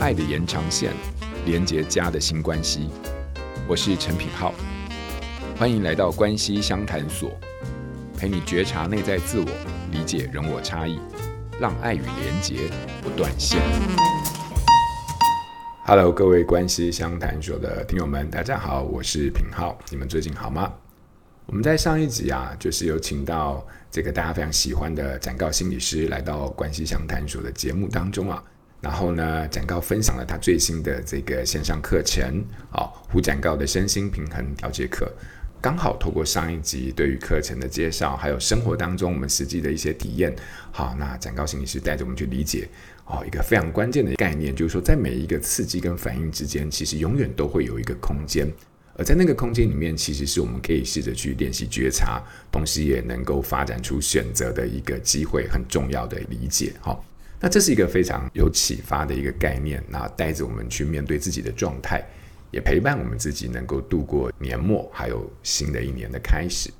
愛的延長線，連接家的新關係。我是陳品皓，歡迎來到關係相談所，陪你覺察內在自我，理解人我差異，讓愛與連結不斷線。嗯、Hello，各位關係相談所的聽友們，大家好，我是品皓，你們最近好嗎？我們在上一集啊，就是有請到這個大家非常喜歡的展誥心理師來到關係相談所的節目當中啊。然後呢，展誥分享了他最新的這個線上課程，哦，胡展誥的身心平衡調節課，剛好透過上一集對於課程的介紹，還有生活當中我們實際的一些體驗，好，那展誥心理師帶着我們去理解，哦，一個非常關鍵的概念，就是說在每一個刺激跟反應之間，其實永遠都會有一個空間，而在那個空間裡面，其實是我們可以試着去練習覺察，同時也能夠發展出選擇的一個機會，很重要的理解，哈、哦。那這是一個非常有啟發的一個概念，那帶着我們去面對自己的狀態，也陪伴我們自己能夠度過年末，還有新的一年的開始。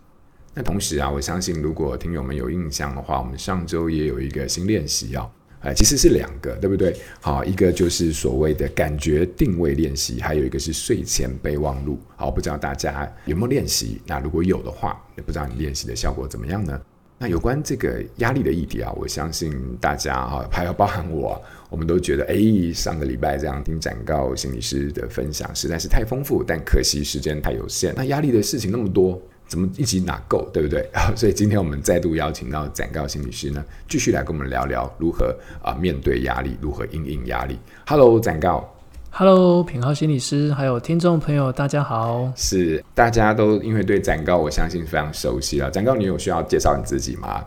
那同時啊，我相信如果聽友們有印象的話，我們上周也有一個新練習啊，哦，呃，其實是兩個，對不對？好，一個就是所謂的感覺定位練習，還有一個是睡前備忘錄。好，不知道大家有沒有練習？那如果有的話，也不知道你練習的效果怎麼樣呢？那有關這個壓力的議題啊，我相信大家啊，還有包含我，我們都覺得，哎，上個禮拜這樣聽展誥心理師的分享實在是太豐富，但可惜時間太有限。那壓力的事情那麼多，怎麼一集哪夠，對不對？所以今天我們再度邀請到展誥心理師呢，繼續來跟我們聊聊如何啊面對壓力，如何因應壓力。Hello，展誥。Hello，品皓心理師，還有聽眾朋友，大家好。是，大家都因為對展誥，我相信非常熟悉了。展誥，你有需要介紹你自己嗎？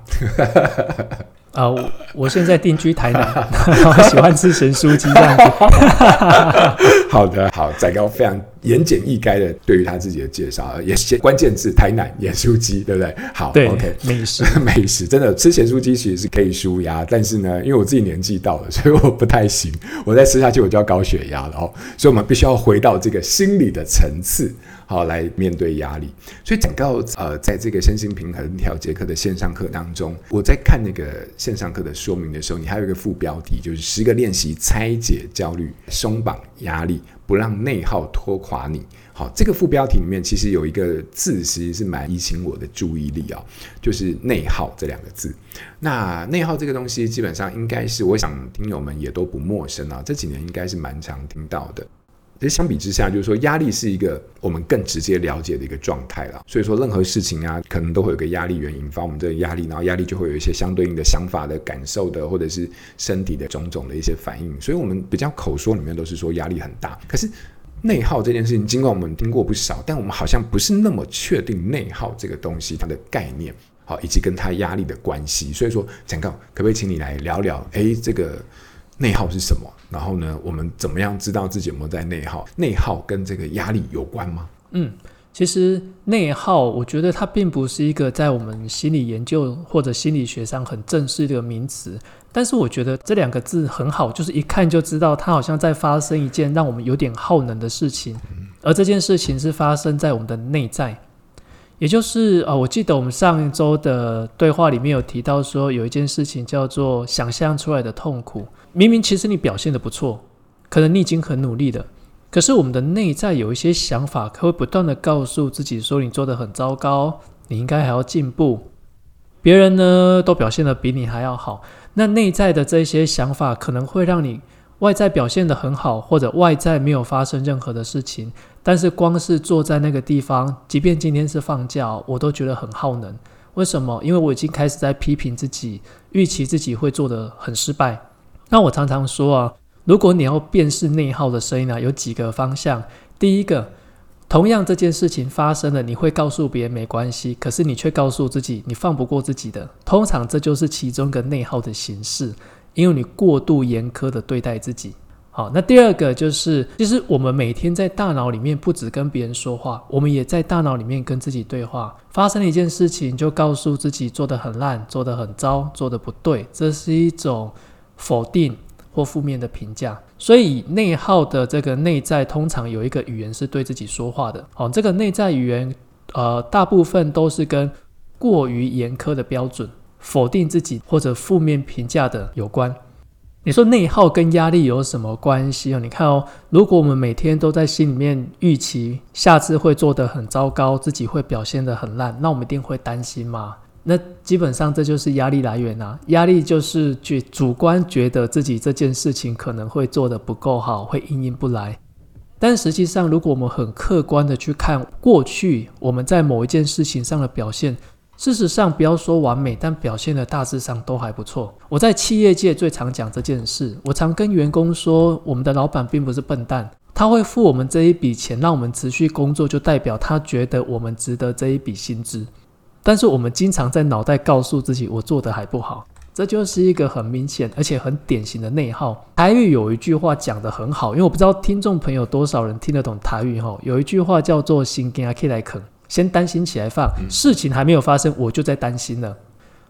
啊、呃，我現在定居台南，我 喜歡吃鹹酥雞。這樣子， 好的，好，展誥非常言簡意賅的對於他自己的介紹，也是關鍵字台南鹹酥雞，對不對？好對，o okay , k 美食、美食，真的吃鹹酥雞其實是可以舒壓，但是呢，因為我自己年紀到了，所以我不太行，我再吃下去我就要高血壓了哦，所以我們必須要回到這個心理的層次。好，來面對壓力。所以整個呃，在這個身心平衡調節課的線上課當中，我在看那個線上課的說明的時候，你還有一個副標題，就是十個練習拆解焦慮、鬆綁壓力，不讓內耗拖垮你。好，這個副標題裡面其實有一個字，其實是蠻引起我的注意力哦，就是“內耗”這兩個字。那“內耗”這個東西，基本上應該是我想聽友們也都不陌生啊，這幾年應該是蠻常聽到的。其實相比之下，就是說，壓力是一個我們更直接了解的一個狀態了。所以說任何事情啊，可能都會有個壓力源引發我們這個壓力，然後壓力就會有一些相對應的想法的、的感受的，或者是身體的種種的一些反應。所以我們比較口說裡面都是說壓力很大，可是內耗這件事情，儘管我們聽過不少，但我們好像不是那麼確定內耗這個東西它的概念，好，以及跟它壓力的關係。所以說，展誥，可不可以請你來聊聊？哎，這個。內耗是什麼？然後呢，我們怎麼樣知道自己有沒有在內耗？內耗跟這個壓力有關嗎？嗯，其實內耗，我覺得它並不是一個在我們心理研究或者心理學上很正式的名詞，但是我覺得這兩個字很好，就是一看就知道它好像在發生一件讓我們有點耗能的事情，而這件事情是發生在我們的內在。也就是啊、哦，我記得我們上一周的對話裡面有提到說，有一件事情叫做想象出來的痛苦。明明其實你表現得不錯，可能你已經很努力了。可是我們的內在有一些想法，它會不斷地告訴自己說，你做得很糟糕，你應該還要進步。別人呢，都表現得比你還要好，那內在的這些想法可能會讓你外在表現得很好，或者外在沒有發生任何的事情，但是光是坐在那個地方，即便今天是放假，我都覺得很耗能。為什麼？因為我已經開始在批評自己，預期自己會做得很失敗。那我常常說啊，如果你要辨識內耗的聲音啊，有幾個方向。第一個，同樣這件事情發生了，你會告訴別人沒關係，可是你卻告訴自己，你放不過自己的。通常這就是其中一個內耗的形式，因為你過度嚴苛的對待自己。好，那第二個就是，其實我們每天在大腦裡面不止跟別人說話，我們也在大腦裡面跟自己對話。發生了一件事情，就告訴自己做得很爛，做得很糟，做得不對，這是一種。否定或負面的評價，所以內耗的這個內在通常有一個語言是對自己說話的。哦，這個內在語言，呃，大部分都是跟過於嚴苛的標準、否定自己或者負面評價的有關。你說內耗跟壓力有什麼關係哦？你看哦，如果我們每天都在心裡面預期下次會做得很糟糕，自己會表現得很爛，那我們一定會擔心嗎？那基本上這就是壓力來源啊，壓力就是覺主觀覺得自己這件事情可能會做得不夠好，會因應不來。但實際上，如果我們很客觀的去看過去我們在某一件事情上的表現，事實上不要說完美，但表現的大致上都還不錯。我在企業界最常講這件事，我常跟員工說，我們的老闆並不是笨蛋，他會付我們這一筆錢讓我們持續工作，就代表他覺得我們值得這一筆薪資。但是我們經常在腦袋告訴自己，我做的還不好，這就是一個很明顯而且很典型的內耗。台語有一句話講得很好，因為我不知道聽眾朋友多少人聽得懂台語吼、哦、有一句話叫做“先驚起來放”，先擔心起來放，嗯、事情還沒有發生我就在擔心了。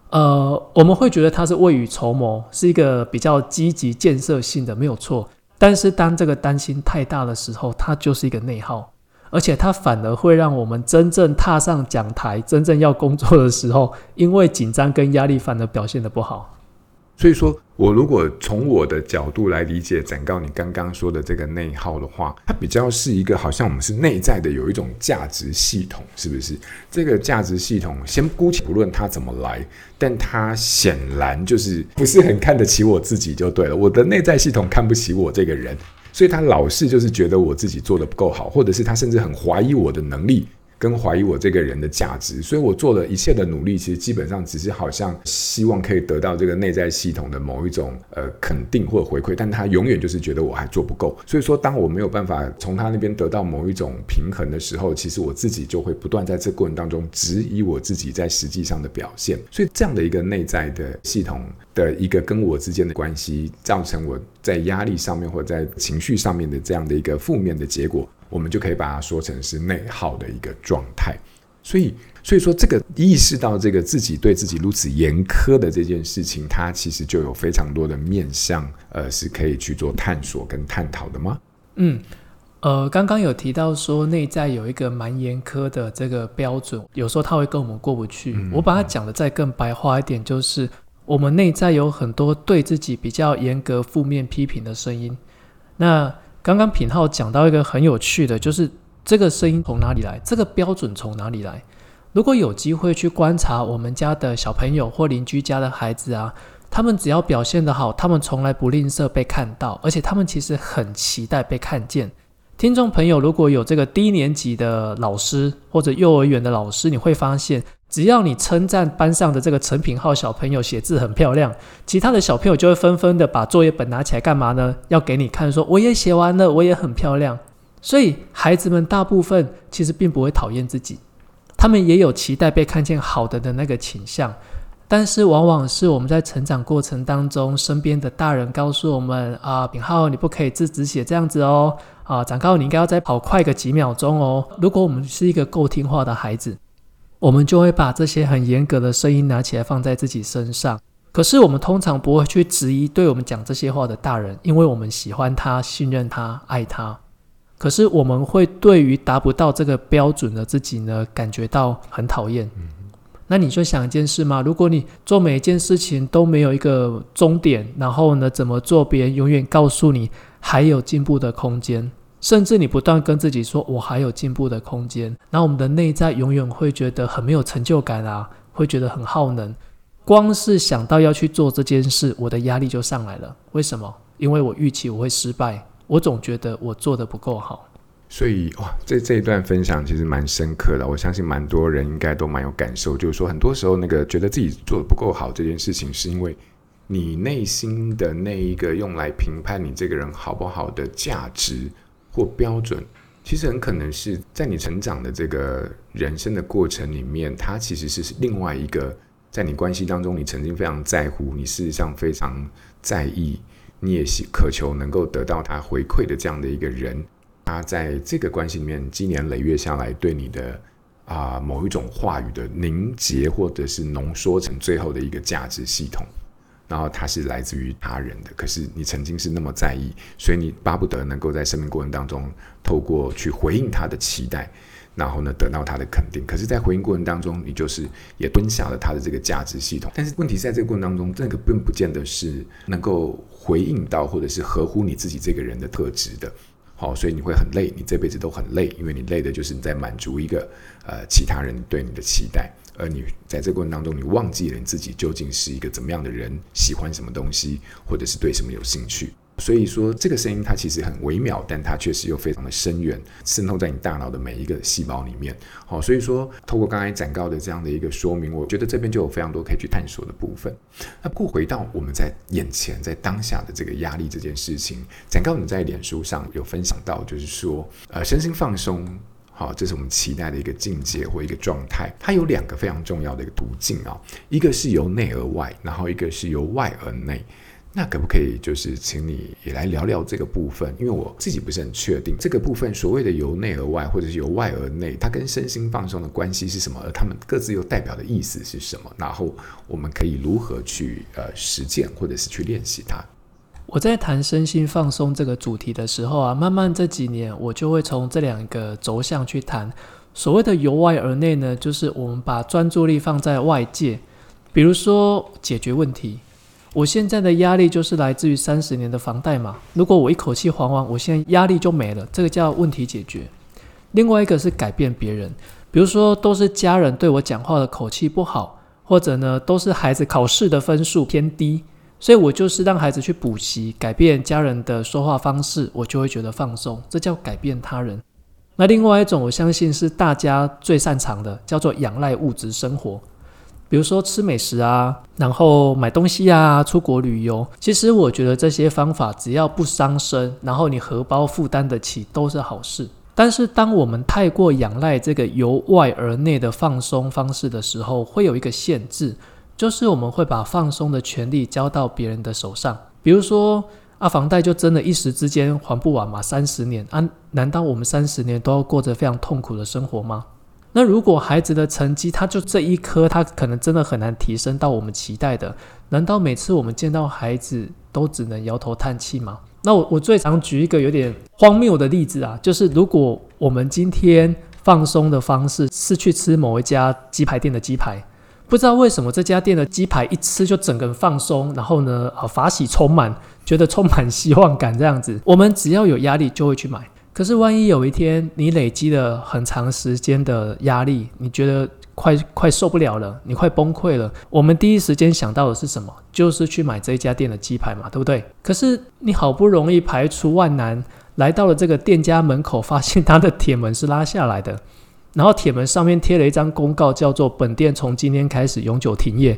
呃，我們會覺得他是未雨綢繆，是一個比較積極建設性的，沒有錯。但是當這個擔心太大的時候，它就是一個內耗。而且它反而會讓我們真正踏上講台、真正要工作的時候，因為緊張跟壓力反而表現得不好。所以說我如果從我的角度來理解，展誥你剛剛說的這個內耗的話，它比較是一個好像我們是內在的有一種價值系統，是不是？這個價值系統先姑且不論它怎麼來，但它顯然就是不是很看得起我自己就對了。我的內在系統看不起我這個人。所以他老是就是覺得我自己做的不夠好，或者是他甚至很懷疑我的能力。跟懷疑我這個人的價值，所以我做的一切的努力，其實基本上只是好像希望可以得到這個內在系統的某一種呃肯定或回饋，但他永遠就是覺得我還做不夠。所以說，當我沒有辦法從他那邊得到某一種平衡的時候，其實我自己就會不斷在這個過程當中質疑我自己在實際上的表現。所以這樣的一個內在的系統的一個跟我之間的關係，造成我在壓力上面或者在情緒上面的這樣的一個負面的結果。我們就可以把它說成是內耗的一個狀態，所以，所以說這個意識到這個自己對自己如此嚴苛的這件事情，它其實就有非常多的面向，呃，是可以去做探索跟探討的嗎？嗯，呃，剛剛有提到說，內在有一個蠻嚴苛的這個標準，有時候他會跟我們過不去。嗯、我把它講得再更白話一點，就是我們內在有很多對自己比較嚴格、負面批評的聲音。那剛剛品皓講到一個很有趣的，就是這個聲音從哪裡來，這個標準從哪裡來。如果有機會去觀察我們家的小朋友或鄰居家的孩子啊，他們只要表現得好，他們從來不吝嗇被看到，而且他們其實很期待被看見。聽眾朋友，如果有這個低年級的老師或者幼兒園的老師，你會發現。只要你稱讚班上的這個陳品皓小朋友寫字很漂亮，其他的小朋友就會紛紛的把作業本拿起來幹嘛呢？要給你看說，說我也寫完了，我也很漂亮。所以孩子們大部分其實並不會討厭自己，他們也有期待被看見好的的那個傾向。但是往往是我們在成長過程當中，身邊的大人告訴我們啊，品皓，你不可以自己寫這樣子哦，啊，長高你應該要再跑快個幾秒鐘哦。如果我們是一個夠聽話的孩子。我們就會把這些很嚴格的聲音拿起來放在自己身上，可是我們通常不會去質疑對我們講這些話的大人，因為我們喜歡他、信任他、愛他。可是我們會對於達不到這個標準的自己呢，感覺到很討厭。嗯哼。那你就想一件事嘛，如果你做每一件事情都沒有一個終點，然後呢，怎麼做別人永遠告訴你還有進步的空間？甚至你不斷跟自己說“我還有進步的空間”，那我們的內在永遠會覺得很沒有成就感啊，會覺得很耗能。光是想到要去做這件事，我的壓力就上來了。為什麼？因為我預期我會失敗，我總覺得我做得不夠好。所以哇，這這一段分享其實蠻深刻的，我相信蠻多人應該都蠻有感受。就是說，很多時候那個覺得自己做得不夠好這件事情，是因為你內心的那一個用來評判你這個人好不好的價值。或標準，其實很可能是在你成長的這個人生的過程裡面，他其實是另外一個在你關係當中，你曾經非常在乎，你事實上非常在意，你也是渴求能夠得到他回饋的這樣的一個人。他在這個關係裡面，積年累月下來，對你的啊、呃、某一種話語的凝結，或者是濃縮成最後的一個價值系統。然後他是來自於他人的，可是你曾經是那麼在意，所以你巴不得能夠在生命過程當中透過去回應他的期待，然後呢，得到他的肯定。可是，在回應過程當中，你就是也蹲下了他的這個價值系統。但是問題在這個過程當中，這個並不見得是能夠回應到，或者是合乎你自己這個人的特質的。好，所以你會很累，你這輩子都很累，因為你累的就是你在滿足一個呃其他人對你的期待。而你在這個過程當中，你忘記了你自己究竟是一個怎麼樣的人，喜歡什麼東西，或者是對什麼有興趣。所以說，這個聲音它其實很微妙，但它確實又非常的深遠，滲透在你大腦的每一個細胞裡面。好、哦，所以說，透過剛才展誥的這樣的一個說明，我覺得這邊就有非常多可以去探索的部分。那不過回到我們在眼前在當下的這個壓力這件事情，展誥你在臉書上有分享到，就是說，呃，身心放鬆。好，這是我們期待的一個境界或一個狀態。它有兩個非常重要的一個途徑啊，一個是由內而外，然後一個是由外而內。那可不可以就是請你也來聊聊這個部分？因為我自己不是很確定這個部分所謂的由內而外或者是由外而內，它跟身心放鬆的關係是什麼？而他們各自又代表的意思是什麼？然後我們可以如何去呃實踐或者是去練習它？我在談身心放鬆這個主題的時候啊，慢慢這幾年我就會從這兩個軸向去談。所謂的由外而內呢，就是我們把專注力放在外界，比如說解決問題。我現在的壓力就是來自於三十年的房貸嘛。如果我一口氣還完，我現在壓力就沒了，這個叫問題解決。另外一個是改變別人，比如說都是家人對我講話的口氣不好，或者呢都是孩子考試的分數偏低。所以我就是讓孩子去補習，改變家人的說話方式，我就會覺得放鬆。這叫改變他人。那另外一種，我相信是大家最擅長的，叫做仰賴物質生活。比如說吃美食啊，然後買東西啊，出國旅遊。其實我覺得這些方法只要不傷身，然後你荷包負擔得起，都是好事。但是當我們太過仰賴這個由外而內的放鬆方式的時候，會有一個限制。就是我們會把放鬆的權利交到別人的手上，比如說啊，房貸就真的一時之間還不完嘛。三十年啊，難道我們三十年都要過着非常痛苦的生活嗎？那如果孩子的成績，他就這一科，他可能真的很難提升到我們期待的，難道每次我們見到孩子都只能搖頭嘆氣嗎？那我我最常舉一個有點荒謬的例子啊，就是如果我們今天放鬆的方式是去吃某一家雞排店的雞排。不知道為什麼這家店的雞排一吃就整個人放鬆，然後呢，呃、啊，法喜充滿，覺得充滿希望感這樣子。我們只要有壓力就會去買。可是萬一有一天你累積了很長時間的壓力，你覺得快快受不了了，你快崩潰了，我們第一時間想到的是什麼？就是去買這家店的雞排嘛，對不對？可是你好不容易排除萬難來到了這個店家門口，發現他的鐵門是拉下來的。然後鐵門上面貼了一張公告，叫做“本店從今天開始永久停業”，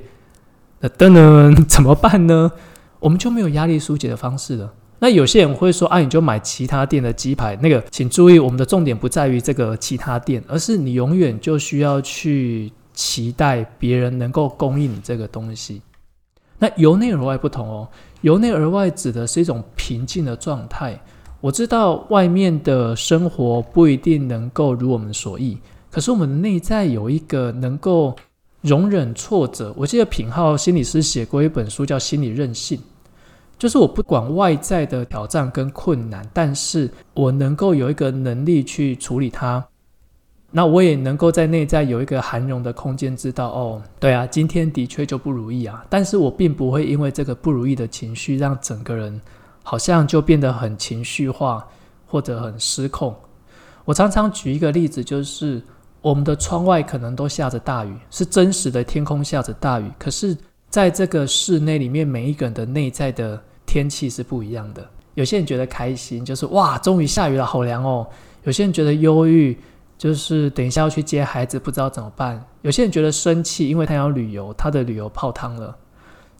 那噔噔。那等等怎麼辦呢？我們就沒有壓力疏解的方式了。那有些人會說：“啊，你就買其他店的雞排。”那個，請注意，我們的重點不在於這個其他店，而是你永遠就需要去期待別人能夠供應你這個東西。那由內而外不同哦，由內而外指的是一種平靜的狀態。我知道外面的生活不一定能夠如我們所意，可是我們內在有一個能夠容忍挫折。我記得品皓心理師寫過一本書叫《心理韌性》，就是我不管外在的挑戰跟困難，但是我能夠有一個能力去處理它。那我也能夠在內在有一個涵容的空間，知道哦，對啊，今天的確就不如意啊，但是我並不會因為這個不如意的情緒讓整個人。好像就變得很情緒化，或者很失控。我常常舉一個例子，就是我們的窗外可能都下着大雨，是真實的天空下着大雨。可是，在這個室內裡面，每一個人的內在的天氣是不一樣的。有些人覺得開心，就是哇，終於下雨了，好涼哦。有些人覺得憂鬱，就是等一下要去接孩子，不知道怎麼辦。有些人覺得生氣，因為他要旅遊，他的旅遊泡湯了。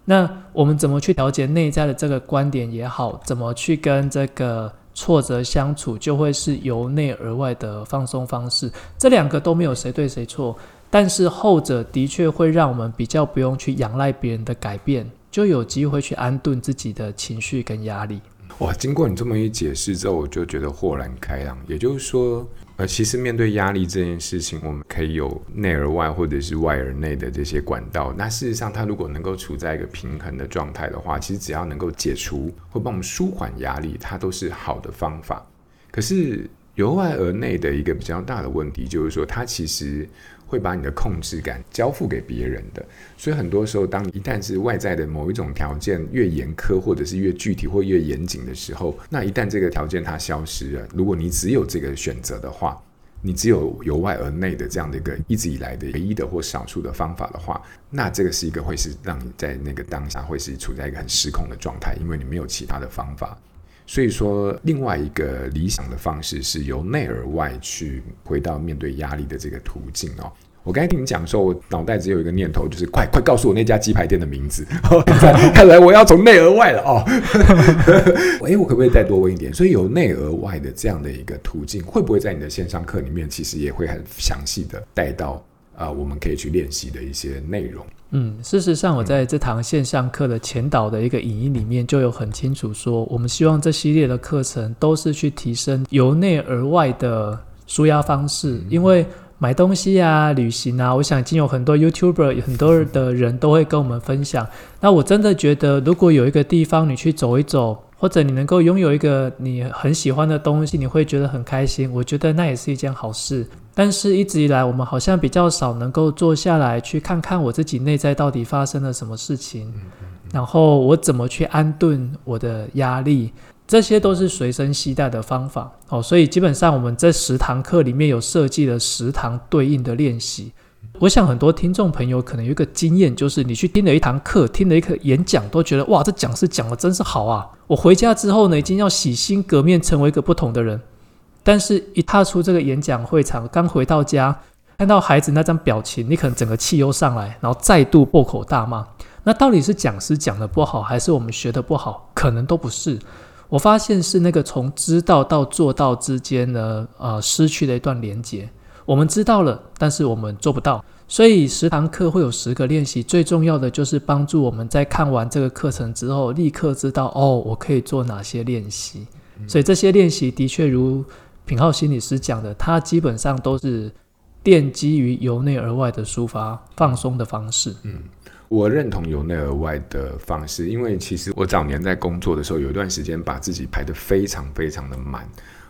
那我們怎麼去調節內在的這個觀點也好，怎麼去跟這個挫折相處，就會是由內而外的放鬆方式。這兩個都沒有誰對誰錯，但是後者的確會讓我們比較不用去仰賴別人的改變，就有機會去安頓自己的情緒跟壓力。哇，經過你這麼一解釋之後，我就覺得豁然開朗。也就是說，呃，而其實面對壓力這件事情，我們可以由內而外，或者是外而內的這些管道。那事實上，它如果能夠處在一個平衡的狀態的話，其實只要能夠解除或幫我們舒緩壓力，它都是好的方法。可是。由外而內的一個比較大的問題，就是說，它其實會把你的控制感交付給別人的。所以很多時候，當你一旦是外在的某一種條件越嚴苛，或者是越具體或越嚴謹的時候，那一旦這個條件它消失了，如果你只有這個選擇的話，你只有由外而內的這樣的一個一直以來的唯一的或少數的方法的話，那這個是一個會是讓你在那個當下會是處在一個很失控的狀態，因為你沒有其他的方法。所以說，另外一個理想的方式是由內而外去回到面對壓力的這個途徑哦。我剛才跟你講的時候，我腦袋只有一個念頭，就是快快告訴我那家雞排店的名字。看來我要從內而外了哦。哎，我可不可以再多問一點？所以由內而外的這樣的一個途徑，會不會在你的線上課裡面，其實也會很詳細的帶到？啊，我們可以去練習的一些內容。嗯，事實上，我在這堂線上課的前導的一個影音裡面，就有很清楚說，我們希望這系列的課程都是去提升由內而外的舒壓方式。嗯、因為買東西啊、旅行啊，我想已經有很多 YouTuber、很多的人都會跟我們分享。 那我真的覺得，如果有一個地方你去走一走，或者你能夠擁有一個你很喜歡的東西，你會覺得很開心。我覺得那也是一件好事。但是一直以來，我們好像比較少能夠坐下來去看看我自己內在到底發生了什麼事情，然後我怎麼去安頓我的壓力，這些都是隨身攜帶的方法哦。所以基本上，我們在十堂課裡面有設計了十堂對應的練習。我想很多聽眾朋友可能有一個經驗，就是你去聽了一堂課，聽了一個演講，都覺得哇，這講師講得真是好啊！我回家之後呢，已經要洗心革面，成為一個不同的人。但是，一踏出這個演講會場，剛回到家，看到孩子那張表情，你可能整個氣又上來，然後再度破口大罵。那到底是講師講得不好，還是我們學得不好？可能都不是。我發現是那個從知道到做到之間呢，呃失去了一段連接。我們知道了，但是我們做不到。所以十堂課會有十個練習，最重要的就是幫助我們在看完這個課程之後，立刻知道，哦，我可以做哪些練習。所以這些練習的確如品皓心理師講的，他基本上都是奠基於由內而外的抒發、放鬆的方式。嗯，我認同由內而外的方式，因為其實我早年在工作的時候，有一段時間把自己排得非常非常的滿，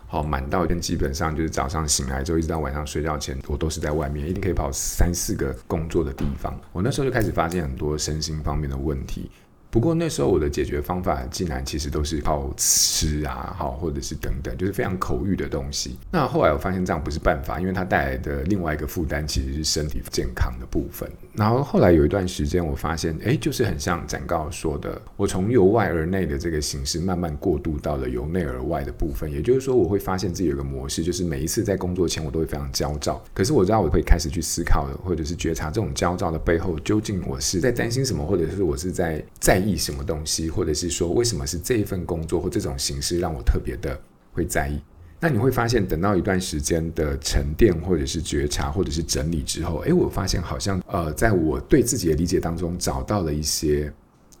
好，哦，滿到一天，基本上就是早上醒來之後，一直到晚上睡覺前，我都是在外面，一定可以跑三四個工作的地方。嗯，我那時候就開始發現很多身心方面的問題。不過那時候我的解決方法竟然其實都是靠吃啊，好，或者是等等，就是非常口語的東西。那後來我發現這樣不是辦法，因為它帶來的另外一個負擔其實是身體健康的部分。然後後來有一段時間我發現，哎，就是很像展誥說的，我從由外而內的這個形式慢慢過渡到了由內而外的部分。也就是說，我會發現自己有一個模式，就是每一次在工作前我都會非常焦躁。可是我知道我會開始去思考，或者是覺察這種焦躁的背後究竟我是在擔心什麼，或者是我是在在意什麼東西，或者是說，為什麼是這一份工作或這種形式讓我特別的會在意？那你會發現，等到一段時間的沉澱，或者是覺察，或者是整理之後，誒，我發現好像呃，在我對自己的理解當中找到了一些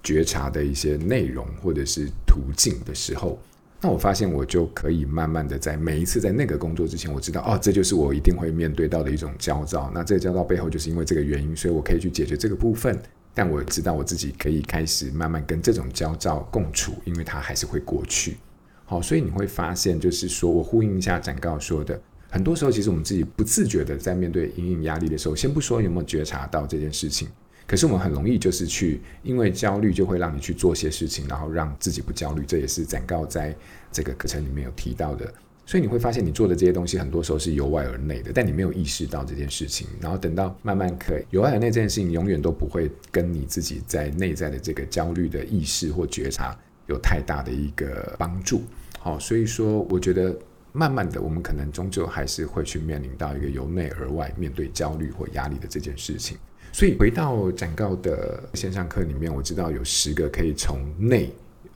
覺察的一些內容或者是途徑的時候，那我發現我就可以慢慢的在每一次在那個工作之前，我知道哦，這就是我一定會面對到的一種焦躁，那這個焦躁背後就是因為這個原因，所以我可以去解決這個部分。但我知道我自己可以開始慢慢跟這種焦躁共處，因為它還是會過去。好，所以你會發現，就是說我呼應一下展誥說的，很多時候其實我們自己不自覺的在面對因應壓力的時候，先不說有沒有覺察到這件事情，可是我們很容易就是去因為焦慮就會讓你去做些事情，然後讓自己不焦慮。這也是展誥在這個課程裡面有提到的。所以你會發現，你做的這些東西很多時候是由外而內的，但你沒有意識到這件事情。然後等到慢慢可以由外而內這件事情，永遠都不會跟你自己在內在的這個焦慮的意識或覺察有太大的一個幫助。好、哦，所以說我覺得慢慢的，我們可能終究還是會去面臨到一個由內而外面對焦慮或壓力的這件事情。所以回到展誥的線上課裡面，我知道有十個可以從內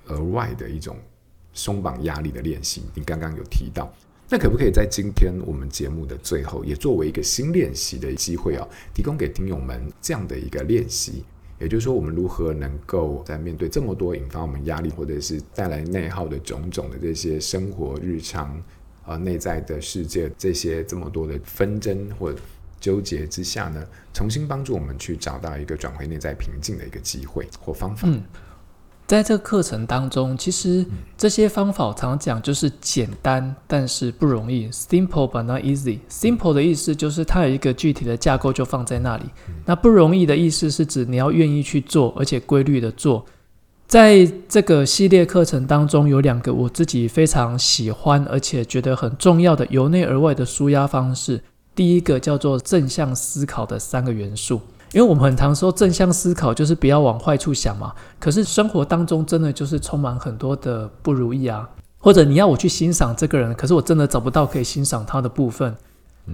而外的一種。鬆綁壓力的練習，你剛剛有提到，那可不可以在今天我們節目的最後，也作為一個新練習的機會啊、哦，提供給聽友們這樣的一個練習？也就是說，我們如何能夠在面對這麼多引發我們壓力或者是帶來內耗的種種的這些生活日常啊、呃、內在的世界這些這麼多的紛爭或糾結之下呢，重新幫助我們去找到一個轉回內在平靜的一個機會或方法？嗯在這個課程當中，其實這些方法常講就是簡單，但是不容易。Simple but not easy。Simple 的意思就是它有一個具體的架構，就放在那裡。那不容易的意思是指你要願意去做，而且規律的做。在這個系列課程當中，有兩個我自己非常喜歡，而且覺得很重要的由內而外的紓壓方式。第一個叫做正向思考的三個元素。因為我們很常說正向思考就是不要往壞處想嘛，可是生活當中真的就是充滿很多的不如意啊，或者你要我去欣賞這個人，可是我真的找不到可以欣賞他的部分。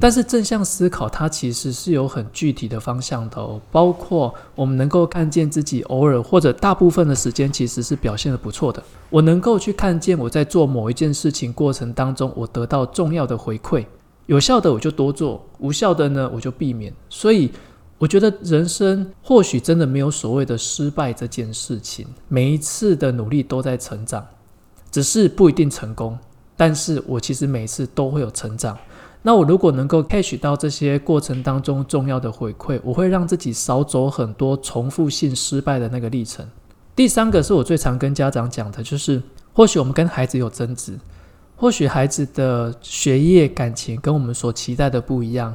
但是正向思考它其實是有很具體的方向的哦，包括我們能夠看見自己偶爾或者大部分的時間其實是表現得不錯的。我能夠去看見我在做某一件事情過程當中，我得到重要的回饋，有效的我就多做，無效的呢我就避免。所以。我覺得人生或許真的沒有所謂的失敗這件事情，每一次的努力都在成長，只是不一定成功。但是我其實每一次都會有成長。那我如果能夠 catch 到這些過程當中重要的回饋，我會讓自己少走很多重複性失敗的那個歷程。第三個是我最常跟家長講的，就是或許我們跟孩子有爭執，或許孩子的學業、感情跟我們所期待的不一樣。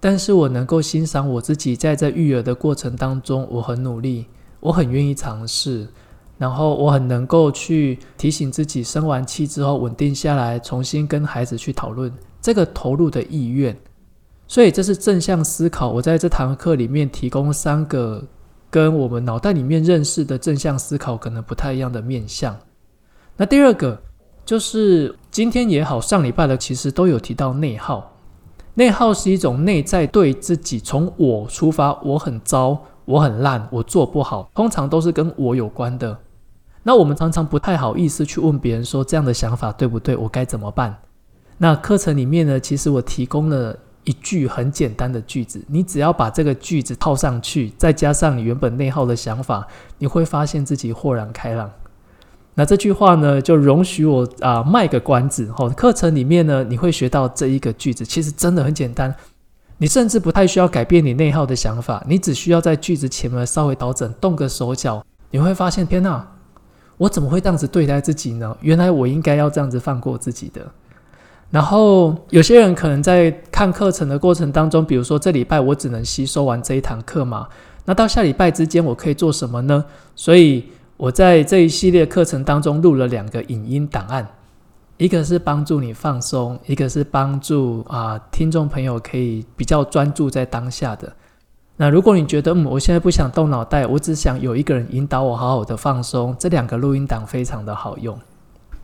但是我能夠欣賞我自己，在這育兒的過程當中，我很努力，我很願意嘗試，然後我很能夠去提醒自己，生完氣之後穩定下來，重新跟孩子去討論這個投入的意願。所以這是正向思考。我在這堂課裡面提供三個跟我們腦袋裡面認識的正向思考可能不太一樣的面向。那第二個就是今天也好，上禮拜的其實都有提到內耗。內耗是一種內在對自己從我出發，我很糟，我很爛，我做不好，通常都是跟我有關的。那我們常常不太好意思去問別人說，這樣的想法對不對？我該怎麼辦？那課程裡面呢，其實我提供了一句很簡單的句子，你只要把這個句子套上去，再加上你原本內耗的想法，你會發現自己豁然開朗。那這句話呢，就容許我啊賣個關子齁。課程裡面呢，你會學到這一個句子，其實真的很簡單，你甚至不太需要改變你內耗的想法，你只需要在句子前面稍微調整，動個手腳，你會發現，天哪，我怎麼會這樣子對待自己呢？原來我應該要這樣子放過自己的。然後有些人可能在看課程的過程當中，比如說這禮拜我只能吸收完這一堂課嘛，那到下禮拜之間我可以做什麼呢？所以。我在這一系列課程當中錄了兩個影音檔案，一個是幫助你放鬆，一個是幫助啊聽眾朋友可以比較專注在當下的。那如果你覺得，嗯，我現在不想動腦袋，我只想有一個人引導我好好的放鬆，這兩個錄音檔非常的好用。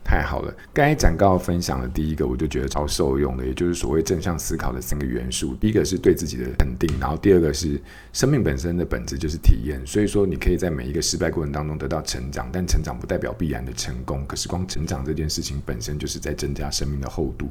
太好了，剛才展誥分享的第一個，我就覺得超受用的，也就是所謂正向思考的三個元素。第一個是對自己的肯定，然後第二個是生命本身的本質就是體驗，所以說你可以在每一個失敗過程當中得到成長，但成長不代表必然的成功，可是光成長這件事情本身就是在增加生命的厚度。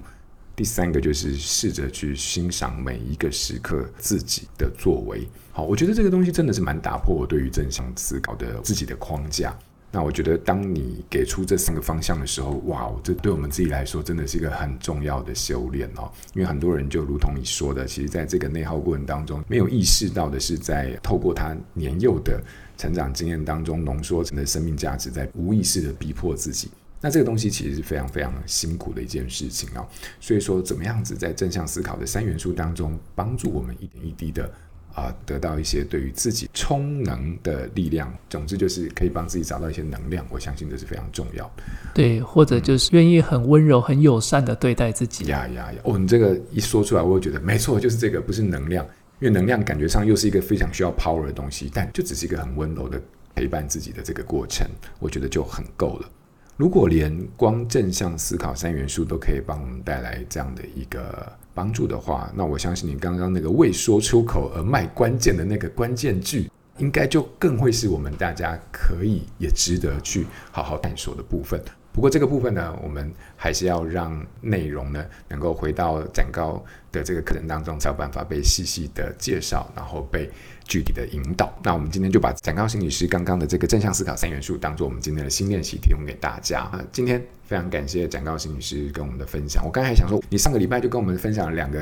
第三個就是試着去欣賞每一個時刻自己的作為。好，我覺得這個東西真的是蠻打破我對於正向思考的自己的框架。那、啊、我覺得，當你給出這三個方向的時候，哇哦，這對我們自己來說真的是一個很重要的修煉哦。因為很多人就如同你說的，其實，在這個內耗過程當中，沒有意識到的是，在透過他年幼的成長經驗當中濃縮成的生命價值，在無意識的逼迫自己。那這個東西其實是非常非常辛苦的一件事情哦。所以說，怎麼樣子在正向思考的三元素當中，幫助我們一點一滴的。啊，得到一些對於自己充能的力量，總之就是可以幫自己找到一些能量，我相信這是非常重要。對，或者就是願意很溫柔、嗯、很友善的對待自己。呀呀呀！哦，你這個一說出來，我就覺得沒錯，就是這個，不是能量，因為能量感覺上又是一個非常需要 power 的東西，但就只是一個很溫柔的陪伴自己的這個過程，我覺得就很夠了。如果連光正向思考三元素都可以幫我們帶來這樣的一個幫助的話，那我相信你剛剛那個未說出口而賣關鍵的那個關鍵句，應該就更會是我們大家可以也值得去好好探索的部分。不過這個部分呢，我們還是要讓內容呢能夠回到展誥的這個課程當中，才有辦法被細細的介紹，然後被。具體的引導。那我們今天就把展誥心理師剛剛的這個正向思考三元素，當做我們今天的新練習，提供給大家。啊，今天非常感謝展誥心理師跟我們的分享。我剛才還想說，你上個禮拜就跟我們分享了兩個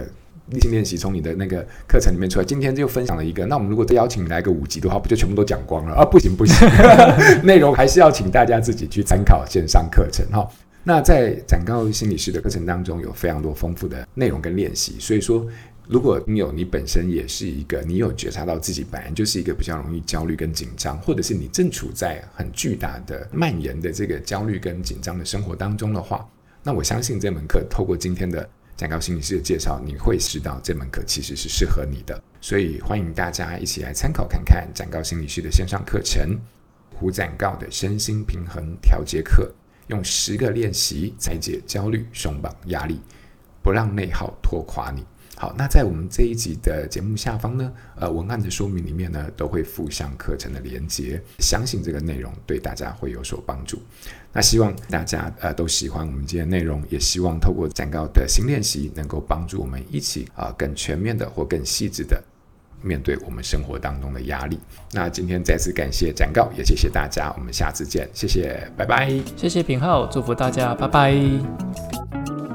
新練習練習，從你的那個課程裡面出來，今天就分享了一個。那我們如果再邀請你來個五集的話，不就全部都講光了啊？不行不行， 內容還是要請大家自己去參考線上課程哈。那在展誥心理師的課程當中，有非常多豐富的內容跟練習，所以說。如果你有你本身也是一個，你有覺察到自己本來就是一個比較容易焦慮跟緊張，或者是你正處在很巨大的蔓延的這個焦慮跟緊張的生活當中的話，那我相信這門課透過今天的展誥心理師的介紹，你會知道這門課其實是適合你的，所以歡迎大家一起來參考看看展誥心理師的線上課程——胡展誥的身心平衡調節課，用十個練習拆解焦慮、鬆綁壓力，不讓內耗拖垮你。好，那在我們這一集的節目下方呢，呃，文案的說明裡面呢，都會附上課程的連接，相信這個內容對大家會有所幫助。那希望大家呃都喜歡我們今天內容，也希望透過展誥的新練習，能夠幫助我們一起啊更全面的或更細緻的面對我們生活當中的壓力。那今天再次感謝展誥，也謝謝大家，我們下次見，謝謝，拜拜，謝謝品皓，祝福大家，拜拜。